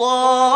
الطاعون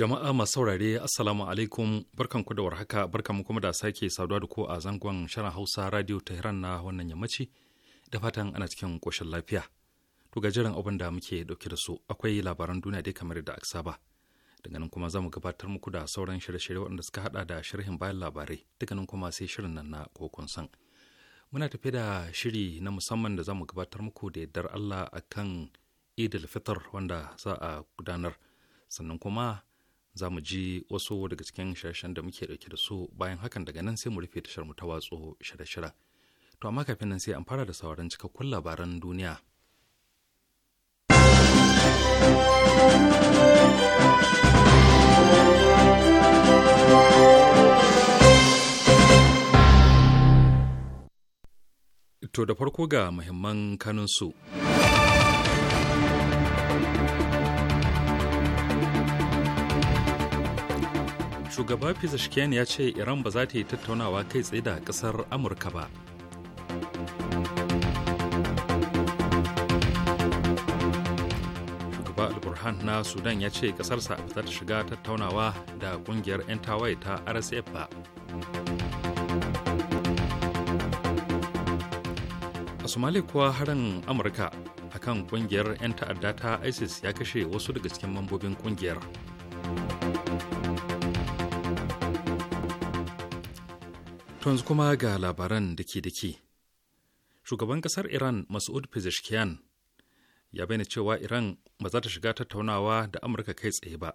Jama'a masu saurare Assalamu alaikum barkanku da warhaka barkanmu kuma da sake saduwa da ku a zangon shirin Hausa Radio Tehran na wannan yammaci da fatan ana cikin koshin lafiya. To ga jiran abin da muke dauke da su akwai labaran duniya dai kamar da aka saba. Daga nan kuma za gabatar muku da sauran shirye-shirye waɗanda suka hada da sharhin bayan labarai daga nan kuma sai shirin nan na kokon san. Muna tafi da shiri na musamman da zamu gabatar muku da yardar Allah akan Idil Fitr wanda za a gudanar sannan kuma za mu ji wasu daga cikin shirashen da muke dauke da su bayan hakan daga nan sai mu rufe tashar mu ta watso shirye shirye to amma kafin nan sai an fara da sauran cikakkun labaran duniya To da farko ga muhimman kanunsu. su. shugaba pezeshkian ya ce iran ba za ta yi tattaunawa kai tsaye da kasar amurka ba shugaba al na sudan ya ce kasarsa ba za ta shiga tattaunawa da kungiyar 'yan tawaye ta rsf ba a somalia kuwa harin amurka akan kungiyar 'yan ta'adda ta isis ya kashe wasu daga cikin mambobin kungiyar. yanzu kuma ga labaran da ke da Shugaban kasar Iran Mas'ud Pezeshkian ya bayyana cewa Iran ba za ta shiga tattaunawa da Amurka kai tsaye ba.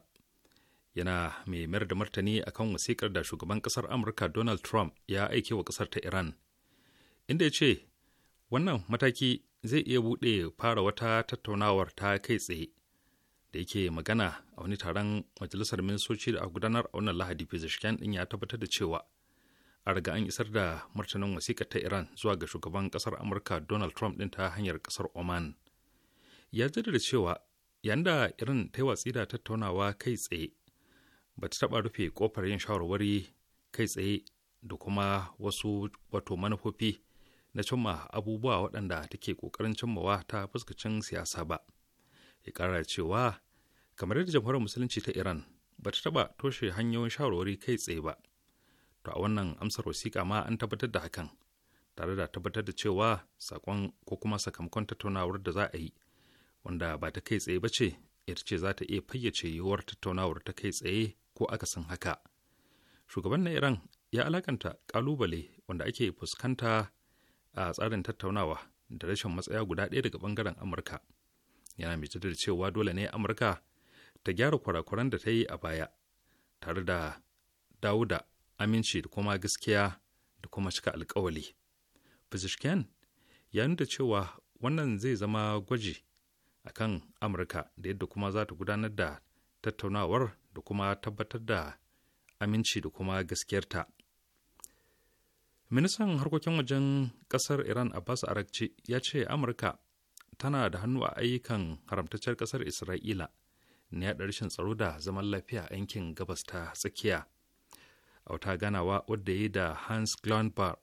Yana mai mayar da martani akan wasikar da shugaban kasar Amurka Donald Trump ya aike wa kasar ta Iran. Inda ya ce, wannan mataki zai iya buɗe fara wata tattaunawar ta kai tsaye. da yake magana a wani taron majalisar ministoci da a gudanar a wannan lahadi pezeshkian din ya tabbatar da cewa a riga an isar da martanin wasiƙa ta iran zuwa ga shugaban ƙasar amurka donald trump ɗin ta hanyar ƙasar oman ya jaddada cewa yayin da iran ta yi watsi da tattaunawa kai tsaye ba ta taɓa rufe ƙofar yin shawarwari kai tsaye da kuma wasu wato manufofi na cimma abubuwa waɗanda take ƙoƙarin cimmawa ta fuskacin siyasa ba ya ƙara cewa kamar yadda jamhuriyar musulunci ta iran ba ta taɓa toshe hanyoyin shawarwari kai tsaye ba to a wannan amsar wasiƙa ma an tabbatar da hakan tare da tabbatar da cewa sakon ko kuma sakamakon tattaunawar da za a yi wanda ba ta kai tsaye ba ce ita ce za ta iya fayyace yiwuwar tattaunawar ta kai tsaye ko akasin haka shugaban na iran ya alakanta ƙalubale wanda ake fuskanta a tsarin tattaunawa da rashin matsaya guda ɗaya daga ɓangaren amurka yana mai da cewa dole ne amurka ta gyara kurakuran da ta yi a baya tare da dawo da aminci da kuma gaskiya da kuma cika alkawali Pezeshkian ya nuna cewa wannan zai zama gwaji a kan amurka da yadda kuma za ta gudanar da tattaunawar da kuma tabbatar da aminci da kuma gaskiyarta ministan harkokin wajen kasar iran abbas arakci ya ce amurka tana da hannu a ayyukan haramtaccen kasar isra'ila na yaɗa rashin tsaro da zaman lafiya a yankin gabas ta tsakiya a ganawa wadda ya yi da Hans Glanbar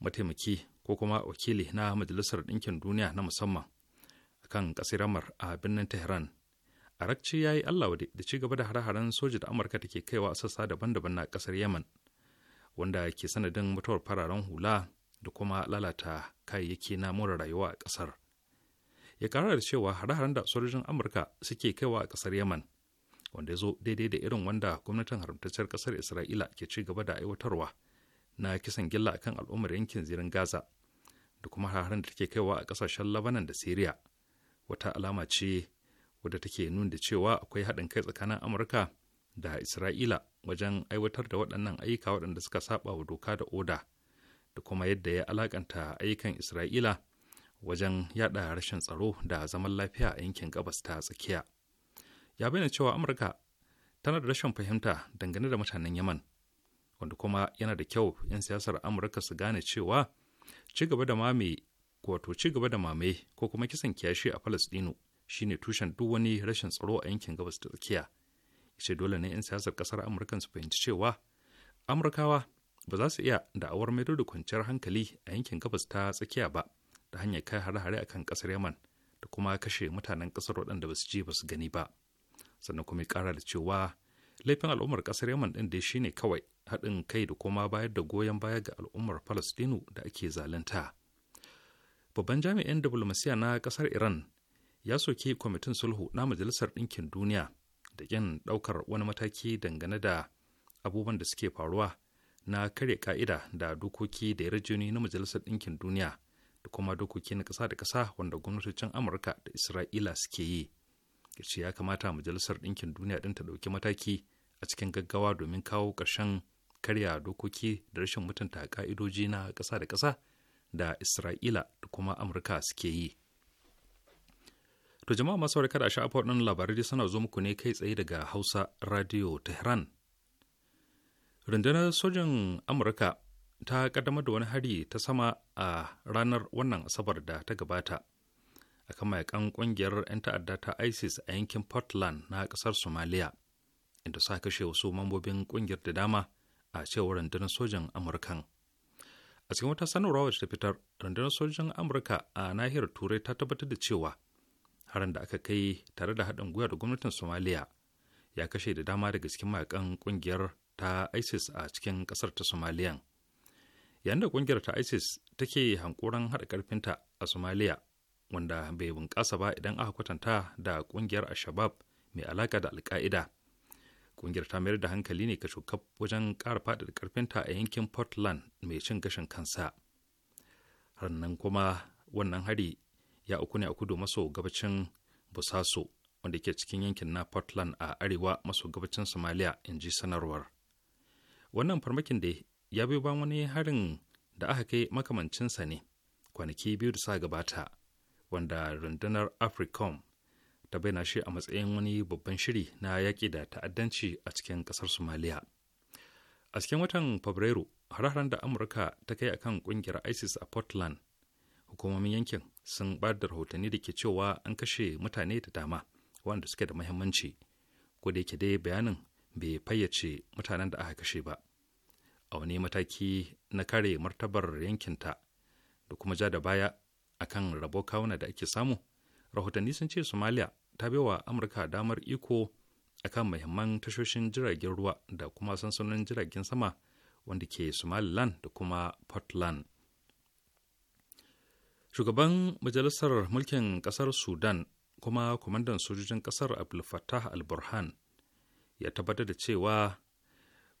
mataimaki ko kuma wakili na Majalisar Ɗinkin Duniya na musamman a kan kasiramar a birnin Tehran. Arakci ya yi Allah wade da ci da hare soja da Amurka take kaiwa a sassa daban-daban na ƙasar Yemen, wanda ke sanadin mutuwar fararen hula da kuma lalata kayayyaki na more rayuwa a ƙasar. Ya ƙara da cewa hare-haren da sojojin Amurka suke kaiwa a ƙasar Yemen wanda ya zo daidai da irin wanda gwamnatin haramtacciyar kasar isra'ila ke ci gaba da aiwatarwa na kisan gilla akan al'ummar yankin zirin gaza da kuma hararen da take kaiwa a kasashen labanan da syria wata alama ce wadda take nuna cewa akwai haɗin kai tsakanin amurka da isra'ila wajen aiwatar da waɗannan ayyuka waɗanda suka saba wa doka da oda da kuma yadda ya alakanta ayyukan isra'ila wajen yada rashin tsaro da zaman lafiya a yankin gabas ta tsakiya. ya bayyana cewa amurka tana da rashin fahimta dangane da mutanen yaman wanda kuma yana da kyau 'yan siyasar amurka su gane cewa ci gaba da mame wato ci gaba da mame ko kuma kisan kiyashi a falastinu shine tushen duk wani rashin tsaro a yankin gabas ta tsakiya ce dole ne 'yan siyasar kasar amurka su fahimci cewa amurkawa ba za su iya da awar maido da kwanciyar hankali a yankin gabas ta tsakiya ba ta hanyar kai hare-hare akan kasar yaman da kuma kashe mutanen kasar waɗanda ba su je ba su gani ba sannan kuma ya kara da cewa laifin al'ummar kasar yaman din dai shine kawai haɗin kai da kuma bayar da goyon baya ga al'ummar palestinu da ake zalunta babban jami'in diplomasiya na kasar iran ya soke kwamitin sulhu na majalisar ɗinkin duniya da ƙin ɗaukar wani mataki dangane da abubuwan da suke faruwa na karya ka'ida da dokoki da yarjejeni na majalisar ɗinkin duniya da kuma dokoki na ƙasa da ƙasa wanda gwamnatocin amurka da isra'ila suke yi ya ya kamata majalisar ɗinkin duniya ɗin ta ɗauki mataki a cikin gaggawa domin kawo ƙarshen karya dokoki da rashin mutunta ƙa'idoji na ƙasa da ƙasa da isra'ila da kuma amurka suke yi to jama'a masu warka da sha'afa waɗannan labarai suna zo muku ne kai tsaye daga hausa radio tehran rundunar sojin amurka ta kaddamar da wani hari ta sama a ranar wannan asabar da ta gabata akan mayakan kungiyar 'yan ta'adda ta isis a yankin portland na kasar somalia inda sa kashe wasu mambobin kungiyar da dama a cewar rundunar sojan amurkan a cikin wata sanarwa wacce ta fitar rundunar sojan amurka a nahiyar turai ta tabbatar da cewa harin da aka kai tare da haɗin gwiwa da gwamnatin somalia ya kashe da dama daga cikin mayakan kungiyar ta isis a cikin kasar ta somaliyan yayin da kungiyar ta isis take hankoran haɗa karfinta a somalia. wanda bai bunƙasa ba idan aka kwatanta da ƙungiyar al-shabab mai alaƙa da alka'ida ƙungiyar ta mayar da hankali ne kaf wajen ƙara faɗaɗa ƙarfinta a yankin portland mai cin gashin kansa Harnan kuma wannan hari ya uku ne a kudu maso gabacin busaso wanda ke cikin yankin na portland a arewa maso gabacin somalia in ji sanarwar wannan farmakin da ya biyo bayan wani harin da aka kai makamancinsa ne kwanaki biyu da sa gabata wanda rundunar africom ta bayyana shi a matsayin wani babban shiri na yaƙi da ta'addanci a cikin ƙasar somaliya a cikin watan fabrairu hararren da amurka ta kai akan ƙungiyar isis a portland hukumomin yankin sun ba da rahotanni da ke cewa an kashe mutane da dama wanda suke da muhimmanci ko da yake dai bayanin bai fayyace mutanen da aka kashe ba a wani mataki na kare martabar yankinta da kuma ja da baya a kan rabo kawuna da ake samu rahotanni sun ce somalia ta bai wa amurka damar iko a kan muhimman tashoshin jiragen ruwa da kuma sansanonin jiragen sama wanda ke somaliland da kuma portland shugaban majalisar mulkin kasar sudan kuma kwamandan sojojin kasar abdulfatah al-burhan ya tabbatar da cewa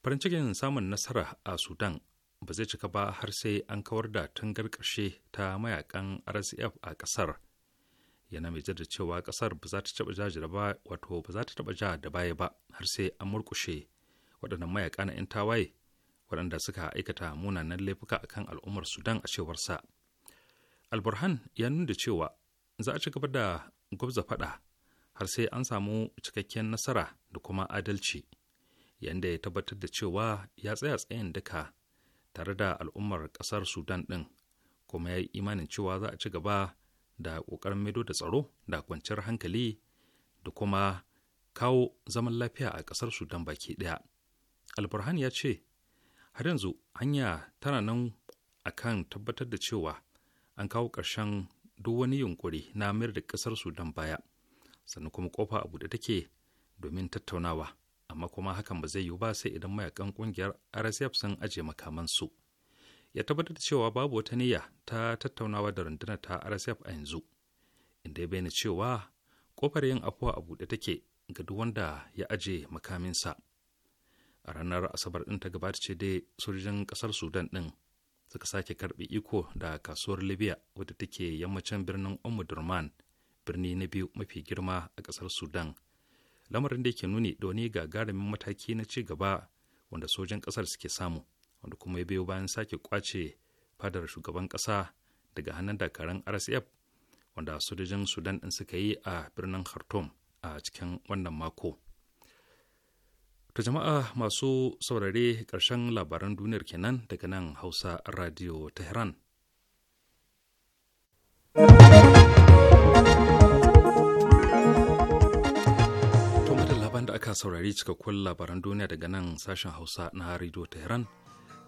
farin cikin samun nasara a sudan ba zai cika ba har sai an kawar da tangar ƙarshe ta mayakan rsf a ƙasar yana mai da cewa ƙasar ba za ta taɓa jajira ba wato ba za ta taɓa ja da baya ba har sai an murƙushe waɗannan mayaka na 'yan tawaye waɗanda suka aikata munanan laifuka a kan al'ummar sudan a cewarsa alburhan ya nuna cewa za a ci gaba da gwabza faɗa har sai an samu cikakken nasara da kuma adalci yadda ya tabbatar da cewa ya tsaya tsayin duka tare da al'ummar ƙasar sudan ɗin kuma ya yi imanin cewa za a ci gaba da ƙoƙarin maido da tsaro da kwanciyar hankali da kuma kawo zaman lafiya a ƙasar sudan baki ɗaya alburhan ya ce har yanzu hanya tana nan a kan tabbatar da cewa an kawo ƙarshen duk wani yunƙuri na mayar da ƙasar sudan baya sannan kuma ƙofa a buɗe take domin tattaunawa amma kuma hakan ba zai yiwu ba sai idan mayakan kungiyar rsf sun aje makamansu ya tabbatar da cewa babu wata niyya ta tattaunawa da rundunar ta rsf a yanzu inda ya bayyana cewa kofar yin afuwa a buɗe take ga duk wanda ya aje makaminsa a ranar asabar ɗin ta gabata ce dai sojojin ƙasar sudan ɗin suka sake karɓi iko da kasuwar libya wadda take yammacin birnin omudurman umm birni na biyu mafi girma a ƙasar sudan lamarin da ke nuni da wani gagarumin mataki na ci gaba wanda sojan ƙasar suke samu wanda kuma ya biyo bayan sake kwace fadar shugaban ƙasa daga hannun dakarun rsf wanda sojojin sudan ɗin suka yi a birnin khartoum a cikin wannan mako ta jama'a masu saurare karshen labaran duniyar kenan daga nan hausa radio tehran aka saurari cikakkun labaran duniya daga nan sashen hausa na radio tehran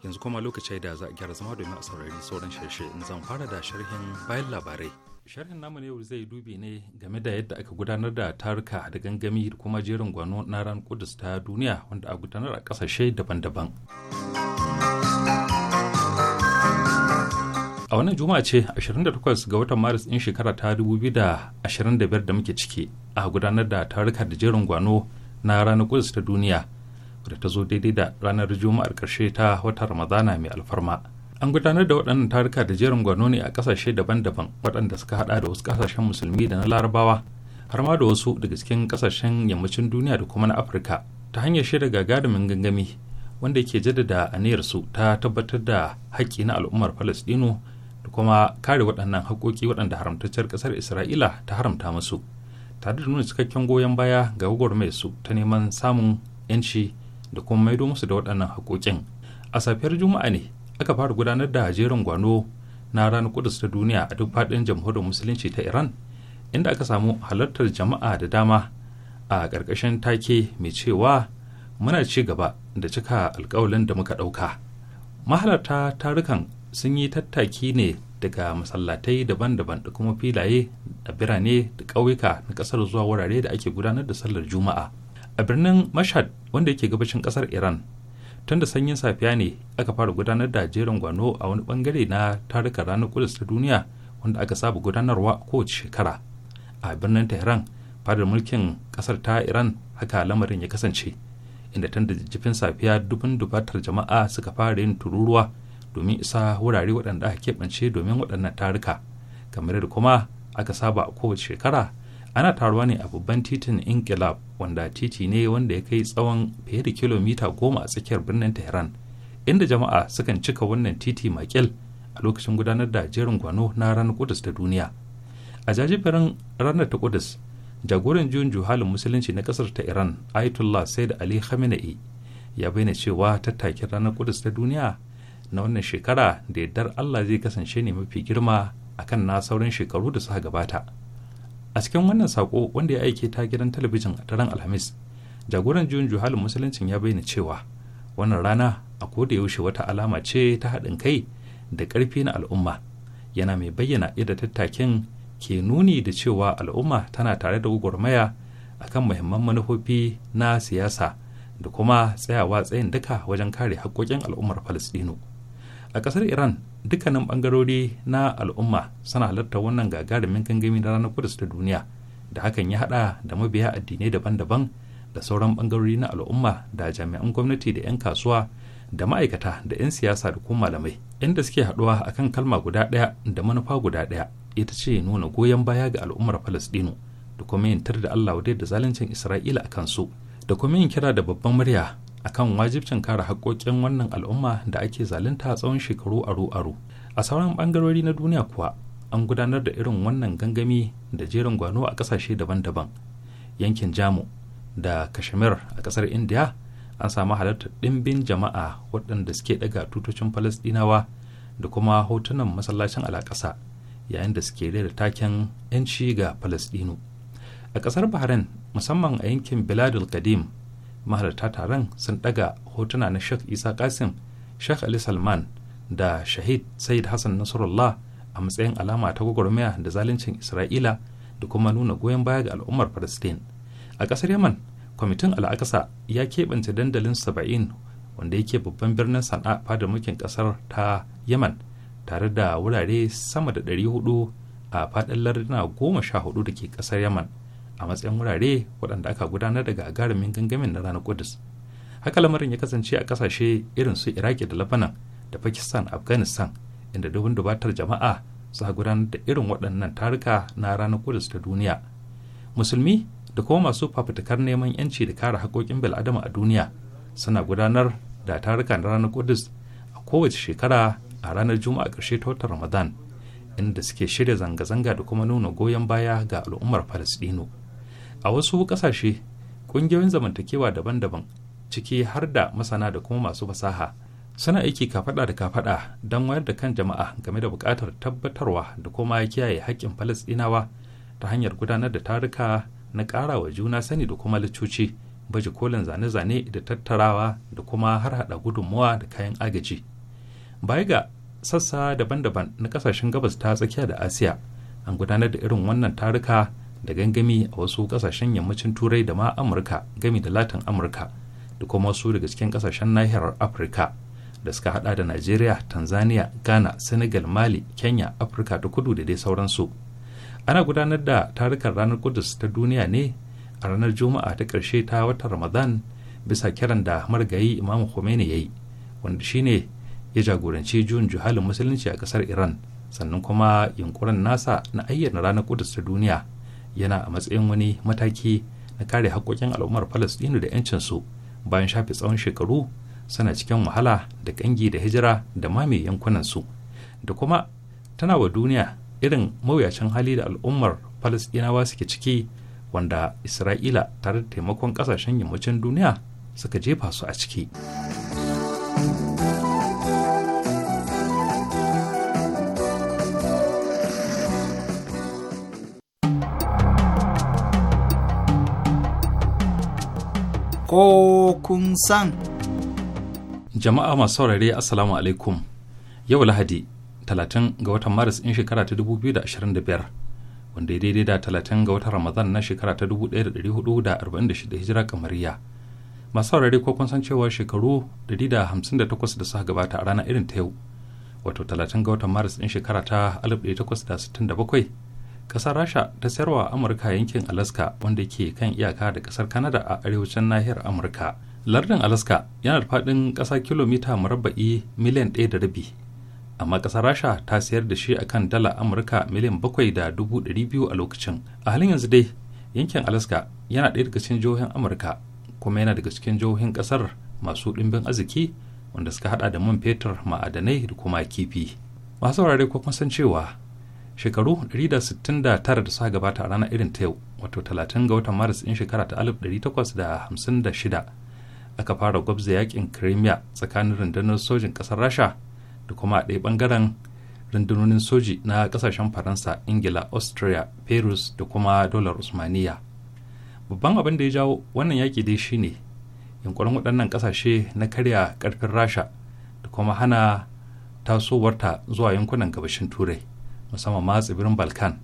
yanzu kuma lokaci da za a gyara zama domin a saurari sauran sharshe in zan fara da sharhin bayan labarai sharhin namu ne yau zai dubi ne game da yadda aka gudanar da taruka da gangami da kuma jerin gwano na ran kudus ta duniya wanda a gudanar a kasashe daban-daban a wannan juma'a ce 28 ga watan maris din shekara ta 2025 da muke ciki a gudanar da taruka da jerin gwano na ranar kudus ta duniya wadda ta zo daidai da ranar juma'ar karshe ta watan ramadana mai alfarma an gudanar da waɗannan taruka da jerin gwano ne a ƙasashe daban-daban waɗanda suka haɗa da wasu ƙasashen musulmi da na larabawa har ma da wasu daga cikin ƙasashen yammacin duniya da kuma na afirka ta hanyar shaida gagarumin gangami wanda ke jaddada aniyarsu ta tabbatar da haƙƙi na al'ummar falastinu da kuma kare waɗannan haƙoƙi waɗanda haramtacciyar ƙasar isra'ila ta haramta musu tare da nuna cikakken goyon baya ga mai su ta neman samun 'yanci da kuma maido musu da waɗannan haƙoƙin a safiyar juma'a ne aka fara gudanar da jerin gwano na ranar kudus ta duniya a duk faɗin jamhuriyar musulunci ta iran inda aka samu halartar jama'a da dama a ƙarƙashin take mai cewa muna ci gaba da cika alkawalin da muka ɗauka mahalarta tarukan sun yi tattaki ne daga masallatai daban-daban da kuma filaye a birane da ƙauyuka na ƙasar zuwa wurare da ake gudanar da sallar juma'a a birnin mashad wanda yake gabashin ƙasar iran tun da sanyin safiya ne aka fara gudanar da jerin gwano a wani bangare na tarukan ranar kudus ta duniya wanda aka saba gudanarwa kowace shekara a birnin tehran fadar mulkin ƙasar ta iran haka lamarin ya kasance inda tun da jifin safiya dubin dubatar jama'a suka fara yin tururuwa domin isa wurare waɗanda aka keɓance domin waɗannan taruka kamar da kuma aka saba a kowace shekara ana taruwa ne a babban titin inkilab wanda titi ne wanda ya kai tsawon fiye da kilomita goma a tsakiyar birnin tehran inda jama'a sukan cika wannan titi makil a lokacin gudanar da jerin gwano na ranar kudus ta duniya a jajiberin ranar ta kudus jagoran juyin juhalin musulunci na kasar ta iran ayatollah said ali khamenei ya bayyana cewa tattakin ranar kudus ta duniya na wannan shekara da yardar Allah zai kasance ne mafi girma kan na sauran shekaru da suka gabata. A cikin wannan sako wanda ya aike ta gidan talabijin a daren Alhamis, jagoran juyin juhalin musuluncin ya bayyana cewa wannan rana a koda yaushe wata alama ce ta haɗin kai da ƙarfi na al'umma. Yana mai bayyana yadda tattakin ke nuni da cewa al'umma tana tare da gwagwarmaya akan muhimman manufofi na siyasa da kuma tsayawa tsayin duka wajen kare haƙƙoƙin al'ummar Falasɗinu. a kasar iran dukkanin bangarori na al'umma suna halarta wannan gagarumin gangami na ranar kudus ta duniya da hakan ya hada da mabiya addinai daban-daban da sauran bangarori na al'umma da jami'an gwamnati da 'yan kasuwa da ma'aikata da 'yan siyasa da kuma malamai inda suke haduwa akan kalma guda ɗaya da manufa guda ɗaya ita ce nuna goyon baya ga al'ummar falastinu da kuma yin da allah wadai da zaluncin isra'ila a kansu da kuma yin kira da babban murya akan wajibcin kare haƙoƙin wannan al'umma da ake zalunta tsawon shekaru aro-aro a sauran ɓangarori na duniya kuwa an gudanar da irin wannan gangami da jerin gwano a ƙasashe daban-daban yankin jamu da kashmir a ƙasar india an samu halartar ɗimbin jama'a waɗanda suke ɗaga tutocin falasɗinawa da kuma hotunan masallacin alaƙasa yayin da suke da taken 'yanci ga falasɗinu a ƙasar bahrain musamman a yankin biladul kadim mahalarta taron sun daga hotuna na sheikh isa kasim sheikh ali salman da shahid said hassan nasrullah a matsayin alama ta gwagwarmaya da zaluncin isra'ila da kuma nuna goyon baya ga al'ummar palestine a ƙasar yaman kwamitin al'akasa ya keɓance dandalin saba'in wanda yake babban birnin sana'a fadar mulkin ƙasar ta yaman tare da wurare sama da 400 a faɗin larduna goma sha hudu da ke ƙasar yaman a matsayin wurare waɗanda aka gudanar da gagarumin gangamin na ranar Kudus. Haka lamarin ya kasance a ƙasashe irin su Iraki da Lebanon da Pakistan, Afghanistan, inda dubin dubatar jama'a su gudanar da irin waɗannan taruka na ranar Kudus ta duniya. Musulmi da kuma masu fafutukar neman 'yanci da kare haƙoƙin bil'adama a duniya suna gudanar da taruka na ranar Kudus a kowace shekara a ranar Juma'a ƙarshe ta watan Ramadan inda suke shirya zanga-zanga da kuma nuna goyon baya ga al'ummar Falasɗinu. a wasu ƙasashe ƙungiyoyin zamantakewa daban-daban ciki har da masana da kuma masu fasaha suna aiki kafada da kafada don wayar da kan jama'a game da buƙatar tabbatarwa da kuma kiyaye haƙƙin falasɗinawa ta hanyar gudanar da taruka na ƙara wa juna sani da kuma licoci baje kolin zane-zane da tattarawa da kuma har hada gudunmuwa da kayan agaji baya ga sassa daban-daban na ƙasashen gabas ta tsakiya da asiya an gudanar da irin wannan taruka da gangami a wasu kasashen yammacin turai da ma amurka gami da latin amurka da kuma wasu daga cikin kasashen nahiyar afirka da suka hada da najeriya tanzania ghana senegal mali kenya afirka da kudu da dai sauransu ana gudanar da tarukan ranar kudus ta duniya ne a ranar juma'a ta karshe ta watan ramadan bisa kiran da margayi imamu khomeini ya yi wanda shine ya jagoranci juyin juhalin musulunci a kasar iran sannan kuma yunkurin nasa na ayyana ranar kudus ta duniya yana a matsayin wani mataki na kare hakokin al'ummar falastinu da 'yancinsu bayan shafe tsawon shekaru suna cikin wahala da ƙangi da hijira da mame yankunansu da kuma tana wa duniya irin mawuyacin hali da al'ummar falastinawa suke ciki wanda isra'ila tare da taimakon ƙasashen yammacin duniya suka jefa su a ciki. ko kun san. Jama'a masu saurare Assalamu alaikum. Yau Lahadi, 30 ga watan Maris in shekara ta 2025, wanda ya daidai da 30 ga watan Ramadan na shekara ta 1446 hijira kamariya. Masu saurare ko kun san cewa shekaru 158 da suka gabata a ranar irin ta yau, wato 30 ga watan Maris in shekara ta 1867 kasar rasha ta sayarwa amurka yankin alaska wanda ke kan iyaka da kasar kanada a arewacin nahiyar amurka lardin alaska yana da faɗin ƙasa kilomita murabba'i miliyan ɗaya da rabi amma ƙasar rasha ta sayar da shi a kan dala amurka miliyan bakwai da dubu ɗari biyu a lokacin a halin yanzu dai yankin alaska yana ɗaya daga cikin jihohin amurka kuma yana daga cikin jihohin ƙasar masu ɗimbin arziki wanda suka hada da man fetur ma'adanai da kuma kifi masu saurare ko kun san cewa shekaru 169 da suka gabata a ranar irin ta yau wato 30 ga watan maris in shekara ta 1856 aka fara gwabza yakin crimea tsakanin rundunar sojin kasar rasha da kuma a ɗaya bangaren rundunonin soji na kasashen faransa ingila austria perus da kuma dolar usmaniya babban abin da ya jawo wannan yaki dai shine yunkurin waɗannan ƙasashe na karya ƙarfin rasha da kuma hana tasowarta zuwa yankunan gabashin turai musamman ma tsibirin balkan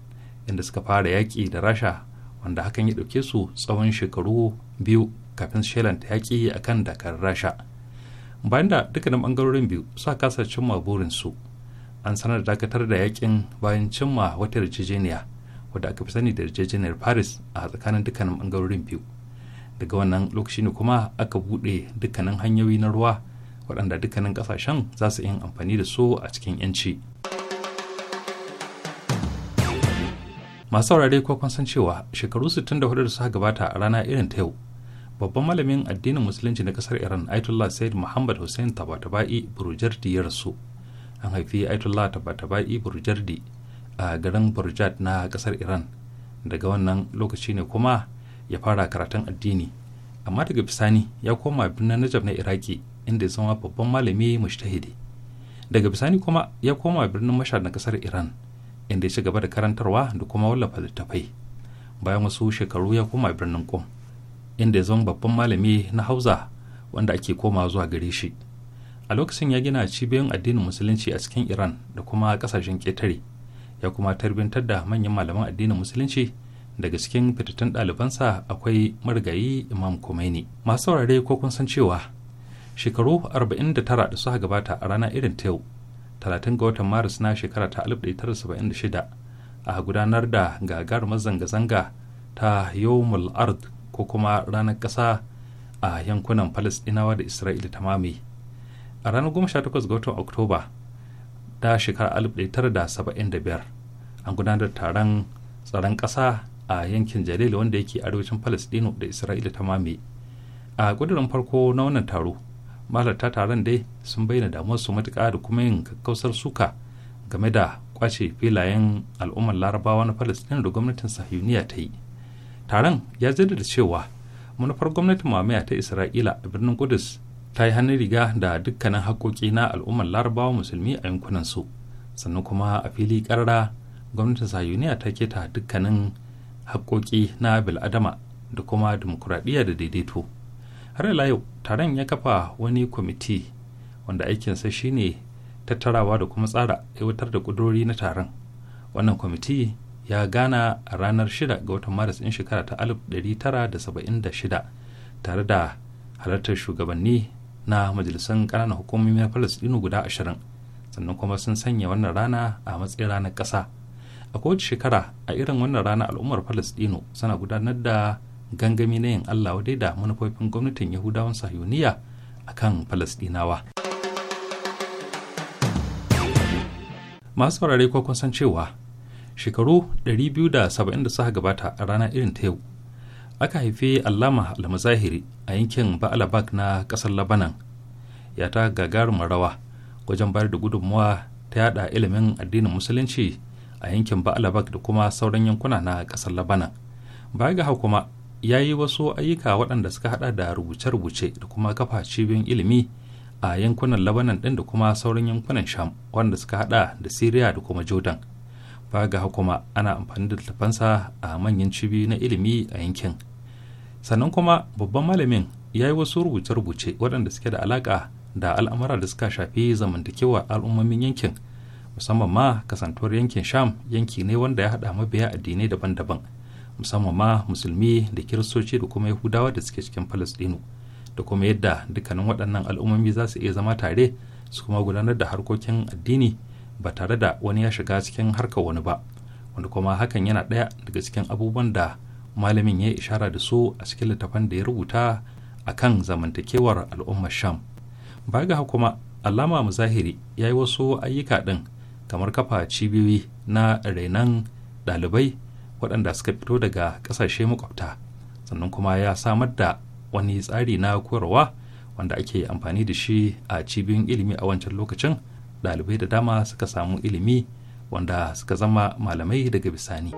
inda suka fara yaƙi da rasha wanda hakan ya ɗauke su tsawon shekaru biyu kafin shelanta yaƙi a kan dakar rasha bayan da dukkanin ɓangarorin biyu suka kasa cimma burinsu an sanar da dakatar da yaƙin bayan cimma wata yarjejeniya wadda aka fi sani da yarjejeniyar paris a tsakanin dukkanin ɓangarorin biyu daga wannan lokaci ne kuma aka buɗe dukkanin hanyoyi na ruwa waɗanda dukkanin ƙasashen za su yi amfani da su a cikin 'yanci masu saurare ko kun san cewa shekaru 64 da suka gabata a rana irin ta yau babban malamin addinin musulunci na kasar iran aitullah said muhammad hussein tabatabai burjardi ya rasu an haifi aitullah tabatabai burjardi a garin burjat na kasar iran daga wannan lokaci ne kuma ya fara karatun addini amma daga bisani ya koma birnin najab na iraki inda ya zama babban malami mushtahidi daga bisani kuma ya koma birnin mashad na kasar iran inda ya ci gaba da karantarwa da kuma wallafa littattafai bayan wasu shekaru ya koma birnin kom inda ya zama babban malami na hauza wanda ake koma zuwa gare shi a lokacin ya gina cibiyoyin addinin musulunci a cikin iran da kuma kasashen ketare ya kuma tarbintar da manyan malaman addinin musulunci daga cikin fitattun ɗalibansa akwai marigayi imam Khomeini. masu saurare ko kun san cewa shekaru 49 da suka gabata a rana irin ta yau 30 ga watan maris na shekara ta 1976 a gudanar da gagar mazanga zanga ta yomul ard ko kuma ranar ƙasa a yankunan palestinawa da isra'ila ta mame a ranar 18 ga watan oktoba ta shekarar 1975 an gudanar taron tsaron ƙasa a yankin jalil wanda yake arewacin palestino da isra'ila ta mame a ƙudurin farko na wannan taro mahalarta taron dai sun bayyana damuwar su matuƙa da kuma yin kakkausar suka game da kwace filayen al'ummar larabawa na palestina da gwamnatin sahiyuniya ta yi taron ya da cewa manufar gwamnatin mamaya ta isra'ila a birnin kudus ta yi hannun riga da dukkanin haƙoƙi na al'ummar larabawa musulmi a yankunan su sannan kuma a fili ƙarara gwamnatin sahiyuniya ta keta dukkanin haƙoƙi na bil'adama da kuma dimokuraɗiyya da daidaito har ila yau taron ya kafa wani kwamiti wanda aikinsa shine tattarawa da kuma tsara aiwatar da kudurori na taron wannan kwamiti ya gana a ranar 6 ga watan maris din shekara ta 1976 tare da halartar shugabanni na majalisun ƙananan hukumomi na palestino guda ashirin, sannan kuma sun sanya wannan rana a matsayin ranar ƙasa a kowace shekara a irin wannan rana al'ummar palestino suna gudanar da gangami na yin allah wadai da manufofin gwamnatin yahudawan sahiyoniya a kan falasdinawa masu farare ko san cewa shekaru 270 da suka gabata a rana irin ta yau aka haifi allama almazahiri a yankin ba'alabak na kasar labanan ya ta gagarumin rawa wajen bayar da gudunmuwa ta yada ilimin addinin musulunci a yankin ba'alabak da kuma sauran yankuna na ƙasar labanan baya ga kuma ya yi wasu ayyuka waɗanda suka haɗa da rubuce-rubuce da kuma kafa cibiyoyin ilimi a yankunan labanan ɗin da kuma sauran yankunan sham wanda suka haɗa da siriya da kuma jordan ba ga kuma ana amfani da littafansa a manyan cibiyoyi na ilimi a yankin sannan kuma babban malamin ya yi wasu rubuce-rubuce waɗanda suke da alaƙa da al'amura da suka shafi zamantakewa al'ummomin yankin musamman ma kasantuwar yankin sham yanki ne wanda ya haɗa mabiya addinai daban-daban musamman ma musulmi da kiristoci da kuma yahudawa da suke cikin falastinu da kuma yadda dukkanin waɗannan al'ummomi za su iya zama tare su kuma gudanar da harkokin addini ba tare da wani ya shiga cikin harkar wani ba wanda kuma hakan yana ɗaya daga cikin abubuwan da malamin ya ishara da su a cikin littafan da ya rubuta a kan zamantakewar al'ummar sham ba ga kuma alama muzahiri ya yi wasu ayyuka ɗin kamar kafa cibiyoyi na rainan ɗalibai waɗanda suka fito daga ƙasashe makwabta sannan kuma ya samar da wani tsari na koyarwa wanda ake amfani da shi a cibiyoyin ilimi a wancan lokacin ɗalibai da dama suka samu ilimi wanda suka zama malamai daga bisani.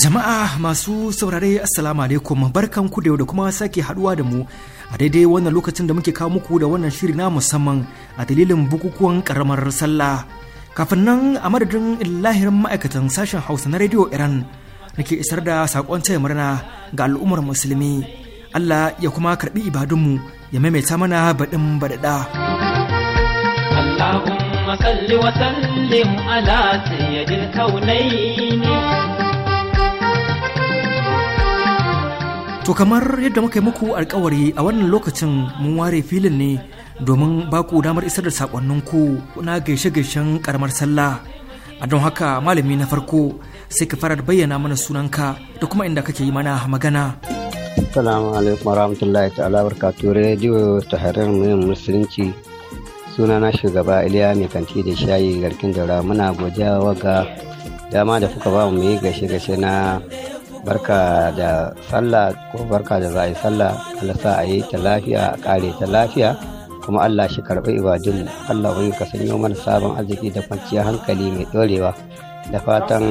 Jama'a masu saurare Assalamu alaikum barkan ku da yau da kuma sake haduwa da mu a daidai wannan lokacin da muke kawo muku da wannan shiri na musamman a dalilin bukukuwan karamar sallah. Kafin nan a madadin lahirin ma'aikatan sashen Hausa na rediyo Iran ke isar da saƙon taya murna ga al'ummar musulmi. Allah ya kuma karbi ibadunmu ya maimaita mana baɗin baɗaɗa. Allahumma salli wa sallim ala sayyidil To kamar yadda muka yi muku alkawari a wannan lokacin mun ware filin ne domin baku damar isar da sakonninku na gaishe-gaishen karamar sallah. A don haka malami na farko sai ka fara bayyana mana sunanka da kuma inda kake yi mana magana. Assalamu alaikum warahmatullahi ta'ala ture jiwo ta harin muyin musulunci sunana shugaba Iliya mai kanti da shayi garkin daura muna godiya waga dama da kuka ba mu yi gaishe-gaishe na barka da sallah ko barka da za a yi sallah Allah sa a yi ta lafiya a kare ta lafiya kuma Allah shi karɓi ibadun Allah wani ka sanyo mana sabon arziki da kwanciyar hankali mai ɗorewa da fatan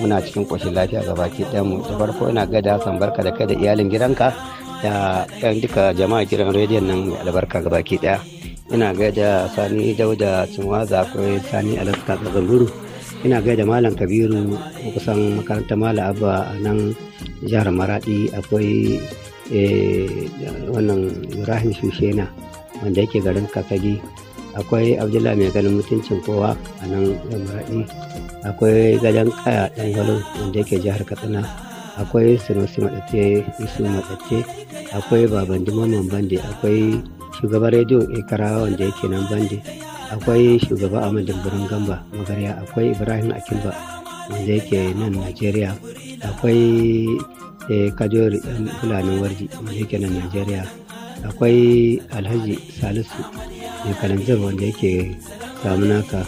muna cikin ƙoshin lafiya ga baki mu da farko ina gada san barka da kai da iyalin gidanka da yan duka jama'a gidan rediyon nan mai albarka ga baki ɗaya ina gaida sani dauda cinwaza zakwai sani alaska zamburu ina gaida malam kabiru kusan makarantar malam abba a nan jihar maradi akwai eh, wannan ibrahim shushena wanda yake garin kakagi akwai abdullahi mai ganin mutuncin kowa a nan maradi akwai gadon kaya dan yalo wanda yake jihar katsina akwai sinusi maɗatte isu maɗatte akwai baban mamman bande akwai shugaban rediyo ikara wanda yake nan bande akwai shugaba ahmad dambarin gamba magarya akwai ibrahim akimba wanda yake nan najeriya akwai eh, kajori Dan eh, fulani warji wanda yake nan najeriya akwai alhaji salisu mai kalanzir wanda yake samunaka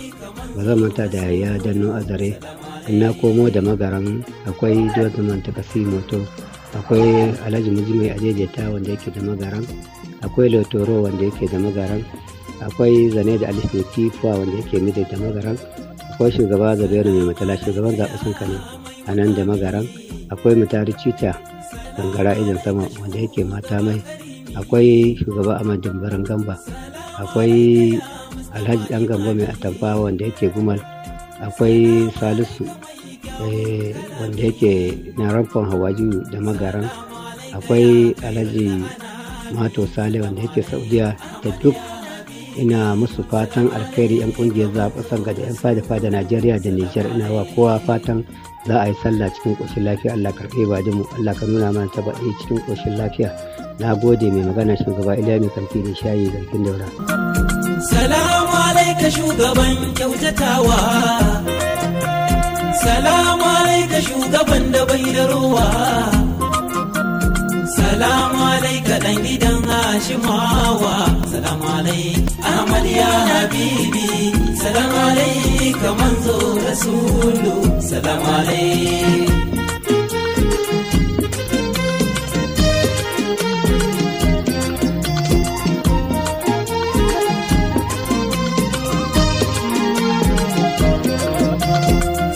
ba zan manta da ya danno azare ina komo da magaran akwai dozman ta kasi moto akwai alhaji Mijimai a ajejeta wanda yake da magaran akwai lotoro wanda yake da magaran akwai zane da alif mai tifuwa wanda yake mida da magaran akwai shugaba zabera mai matala shugaban zaɓe sun kane a nan da magaran akwai mutari cita gangara idan sama wanda yake mata mai akwai shugaba a dambaran gamba akwai alhaji dan gamba mai atamfa wanda yake gumal akwai salisu eh, wanda yake na ramfon hawaji da magaran akwai alhaji mato sale wanda yake saudiya da duk ina musu fatan alkhairi 'yan kungiyar zaɓen sanga da 'yan fada-fada najeriya da nijar ina wa kowa fatan za a yi sallah cikin ƙoshin lafiya allah karɓe ba mu allah ka nuna mana ɗaya cikin ƙoshin lafiya na gode mai magana shugaba iliya mai kamfi da shayi garkin daura. salamu alaika shugaban kyautatawa salamu alaika shugaban da bai da ruwa salamu alaika dan gidan hashimawa salamu alaik ahmad ya habibi salamu alaika manzo rasulu salamu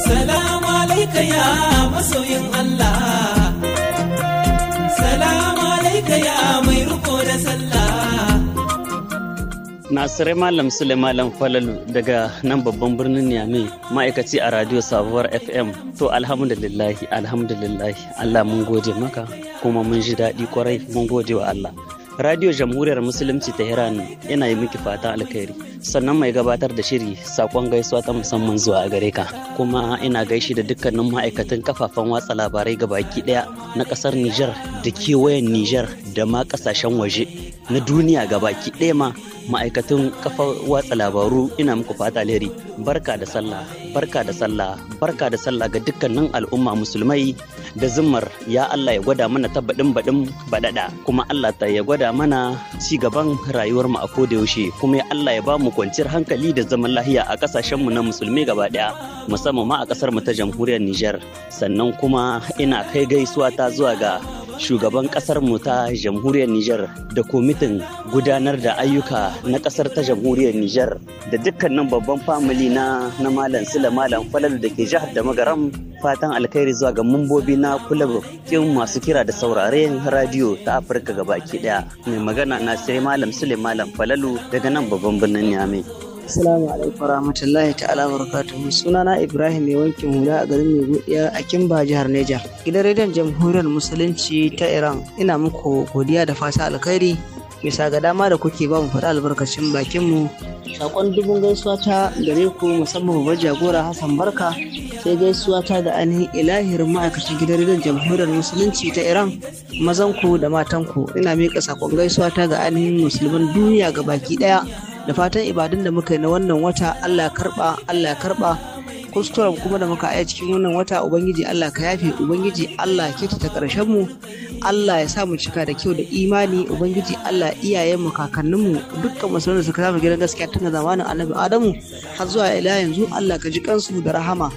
Salamu alaika ya masoyin Allah Nasirai Malam Malam Falalu daga nan babban birnin Niamey ma'aikaci a Radio Sabuwar FM. To alhamdulillahi alhamdulillahi Allah mun gode maka kuma mun ji daɗi kwarai mun gode wa Allah. Radio Jamhuriyar Musulunci ta hiran yana yi miki fatan alkhairi. Sannan mai gabatar da shiri sakon gaisuwa ta musamman zuwa gare ka. Kuma ina gaishe da dukkanin ma'aikatan kafafen watsa labarai gabaki ɗaya na ƙasar Nijar da kewayen Nijar da ma ƙasashen waje. na duniya gabaki ɗaya ma ma'aikatan kafar watsa labaru ina muku fata alheri barka da sallah barka da sallah barka da sallah ga dukkanin al'umma musulmai da zimmar ya Allah ya gwada mana ta baɗin baɗaɗa kuma Allah ta ya gwada mana ci gaban rayuwar mu a koda yaushe kuma ya Allah ya ba mu kwanciyar hankali da zaman lahiya a kasashen mu na musulmi gaba ɗaya musamman ma a ƙasar mu ta jamhuriyar Nijar sannan kuma ina kai gaisuwa ta zuwa ga shugaban kasar mu ta jamhuriyar Nijar da komitin gudanar da ayyuka na kasar ta jamhuriyar Nijar da dukkanin babban famili na na Malam Sula Malam Falal da ke jihar da Magaram fatan alkhairi zuwa ga mambobi na kulab kin masu kira da sauraren radio ta Afirka gabaki daya mai magana na sai Malam Sule Malam Falalu daga nan babban birnin Niamey. Assalamu alaikum warahmatullahi ta'ala barakatuhu. Sunana Ibrahim mai wankin hula a garin mai godiya a Kimba jihar Neja. Gidan rediyon Jamhuriyar Musulunci ta Iran. Ina muku godiya da fata alkhairi. bisa ga dama da kuke ba mu faɗa albarkacin bakin mu sakon dubun gaisuwa ta gare ku musamman babbar jagora Hassan Barka sai gaisuwa ta da ainihin ilahir ma'aikacin gidan rediyon jamhuriyar musulunci ta Iran mazan ku da matan ku ina miƙa sakon gaisuwa ta ga ainihin musulman duniya ga baki ɗaya da fatan ibadun da muka yi na wannan wata Allah ya karɓa Allah ya karɓa kuskuren kuma da muka aya cikin wannan wata ubangiji Allah ka yafe ubangiji Allah ke ta karshen mu Allah ya sa mu cika da kyau da imani ubangiji Allah iyayen mu kakannin mu dukkan masu da suka samu gidan gaskiya tun zamanin Annabi Adamu har zuwa ila yanzu Allah ka ji kansu da rahama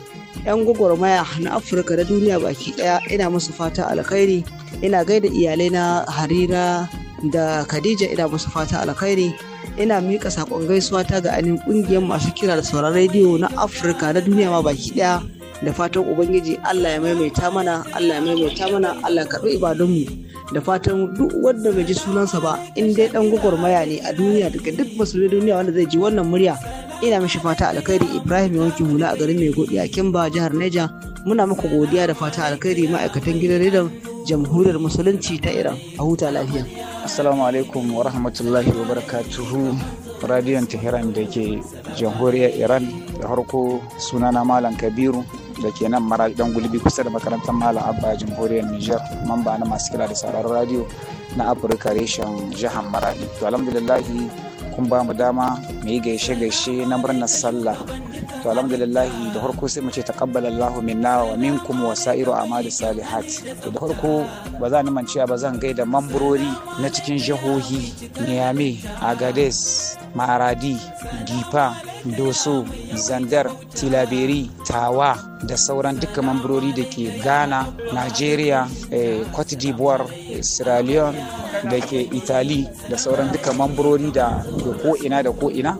yan gwagwarmaya na Afirka da duniya baki daya ina musu fata alkhairi ina gaida iyalai na Harira da Khadija ina musu fata alkhairi ina mika sakon gaisuwa ta ga anin kungiyar masu kira da sauran rediyo na afirka na duniya ma baki daya da fatan ubangiji allah ya maimaita mana allah ya maimaita mana allah karbi ibadunmu da fatan duk wanda bai ji sunansa ba in dai dan gwagwarmaya ne a duniya daga duk musulmi duniya wanda zai ji wannan murya ina mishi fata alkhairi ibrahim ya yawancin hula a garin mai godiya kimba jihar neja muna muku godiya da fata alkhairi ma'aikatan gidan rediyon jamhuriyar musulunci ta iran a huta lafiya assalamu alaikum wa rahmatullahi wa barakatuhu radiyon tehran da ke jamhuriyar iran da harko sunana malam kabiru da ke nan mara dan gulbi kusa da makarantar malam abba jamhuriyar niger mamba na masu kira da sauraron radio na afirka reshen jihar maradi to alhamdulillahi kun ba mu dama mu gaishe-gaishe na murnar sallah to alhamdulillahi da farko sai mu ce taqabbal Allahu minna wa minkum wa sa'iru amali salihat to da farko ba za ni mance ba zan gaida mamburori na cikin jihohi Niamey Agades maradi gifa doso zandar tilaberi tawa da sauran duka mamburori da ke ghana nigeria eh, cote d'ivoire eh, sierra leone da ke italy da sauran duka mamburori da ko'ina da ko'ina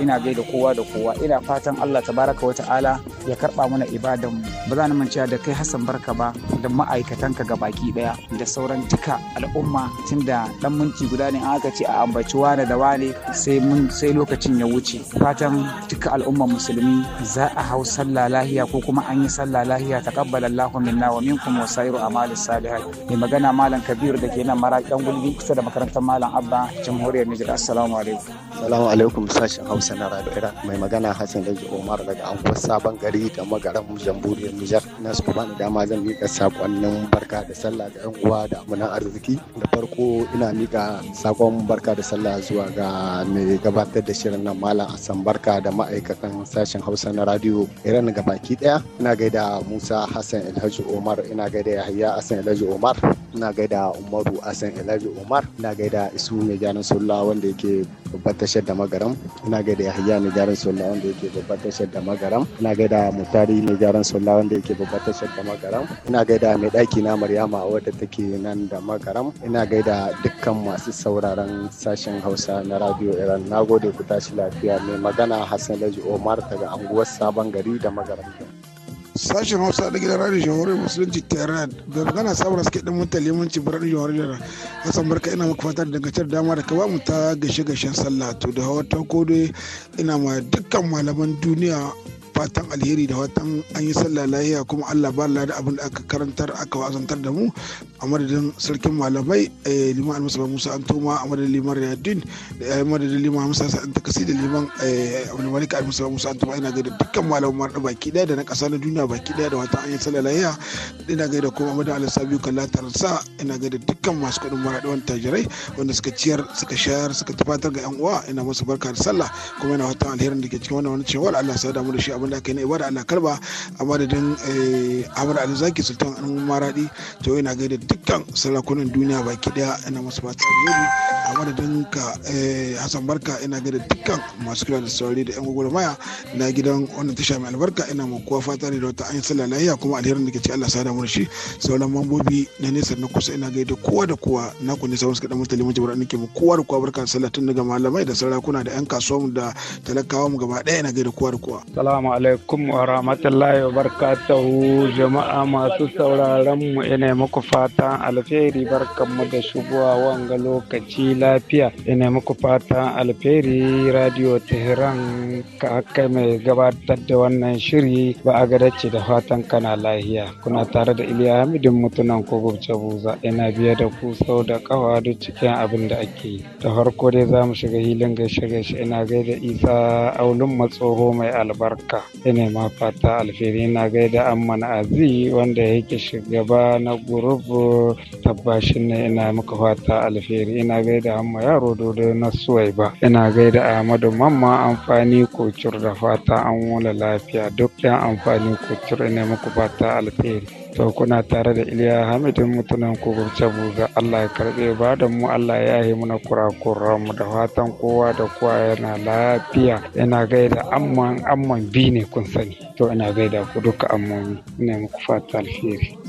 ina gai da kowa da kowa ina fatan allah tabaraka wa ta'ala ya karba mana ibadan ba za manciya da kai hassan barka ba da ma'aikatanka ga baki daya da sauran duka al'umma tunda dan minti guda ne an aka ce a ambaci wane da wane sai Mun sai lokacin ya wuce fatan duka al'ummar musulmi za a hau sallah lahiya ko kuma an yi sallah lahiya ta, kabbala Allahu minna wa minkum wa sa'iru amali salihat mai magana malam Kabir da ke nan maraƙin gulbi kusa da makarantar malam Abba jamhuriyar Nijar assalamu alaikum Salamu alaikum sashen Hausa na Radio mai magana Hassan Daji Omar daga anguwar Sabon Gari da magaran Jamhuriyar Nijar. Na su bani dama zan mika sakonnin barka da sallah ga yan uwa da amunan arziki. Da farko ina mika sakon barka da sallah zuwa ga mai gabatar da shirin nan Malam Hassan Barka da ma'aikatan sashen Hausa na Radio Iran gabaki ɗaya, Ina gaida Musa Hassan Alhaji Omar, ina gaida Yahaya Hassan Alhaji Omar. ina gaida umaru asan elabi umar ina gaida isu mai gyaran sulla wanda yake babbar tashar da magaram ina gaida yahaya mai gyaran sulla wanda yake babbar tashar da magaram ina gaida mutari mai gyaran sulla wanda yake babbar tashar da magaram ina gaida mai daki na maryama wadda take nan da magaram ina gaida dukkan masu sauraron sashen hausa na radio iran na gode ku tashi lafiya mai magana hassan laji omar daga anguwar sabon gari da magaram sashen hausa da gidan radio jamhuriyar musulunci tehran da magana samun suke dan mutane limanci birnin jihar hassan barka ina maka da dangantar dama da ka ba mu ta gashe gashen sallah to da hawa ta kode ina ma dukkan malaman duniya fatan alheri da watan an yi sallah lahiya kuma Allah ba da abin da aka karantar aka wazantar da mu a madadin sarkin malamai eh, liman almasa musa an toma a madadin liman riyadin da eh, madadin liman musa sa'an takasi da liman eh, abdulmalik almasa musa an toma ina gaida dukkan mara da baki daya da na kasa na duniya baki daya da watan an yi sallah lahiya ina gaida kuma madadin alisabi kalla taransa ina gaida dukkan masu kuɗin maraɗi wani tajirai wanda suka ciyar suka shayar suka tafatar ga yan uwa ina musu barka da sallah kuma ina watan alherin da ke cikin wannan wani cewa Allah sa da mu da shi abin da aka yi na ibada Allah karba a madadin eh, Ahmad Ali Zaki Sultan an maradi to yana gaida dukkan sarakunan duniya baki daya ina masu fata alheri a madadin ka eh, Hassan Barka ina gaida dukkan masu kira da saurari da yan gwagwarmaya na gidan wannan tasha mai albarka ina mu kowa fata da wata an sallah lafiya kuma alherin da ke ce Allah sa da shi sauran mambobi na nesa na kusa ina gaida kowa da kowa na ku ne wasu kaɗan dan mutali mun jibran ke mu kowa da kowa barka sallah tun daga malamai da sarakuna da yan kasuwa mu da talakawa mu gaba ɗaya ina gaida kowa da kowa alaikum wa rahmatullahi wa barakatuhu jama'a masu sauraron mu ina muku fatan alheri barkanmu da shigowa wanga lokaci lafiya ina muku fatan alheri radio Tehran ka kai mai gabatar da wannan shiri ba a gadace da fatan kana lahiya kuna tare da Iliya Hamidin mutunan ko gubce buza ina biya da ku sau da kawa duk cikin abin da ake yi da farko dai za mu shiga hilin gaishe gaishe ina gaida Isa aulun matsoho mai albarka ina ma fata alfiri na gaida amman azi wanda yake shugaba na gurubu tabbashin ne ina muka fata alfiri ina gaida amma yaro dodo na suwai ba ina gaida ahmadu mamma amfani kucur da fata an wula lafiya duk yan amfani kucur ina muku fata alfiri to kuna tare da iliya hamidin mutunan kogar ga allah ya karbe ba da mu allah ya yi muna kurakuran mu da fatan kowa da kowa yana lafiya yana gaida amman amman bi ne kun sani to ina gaida ku duka amman ina muku fata alheri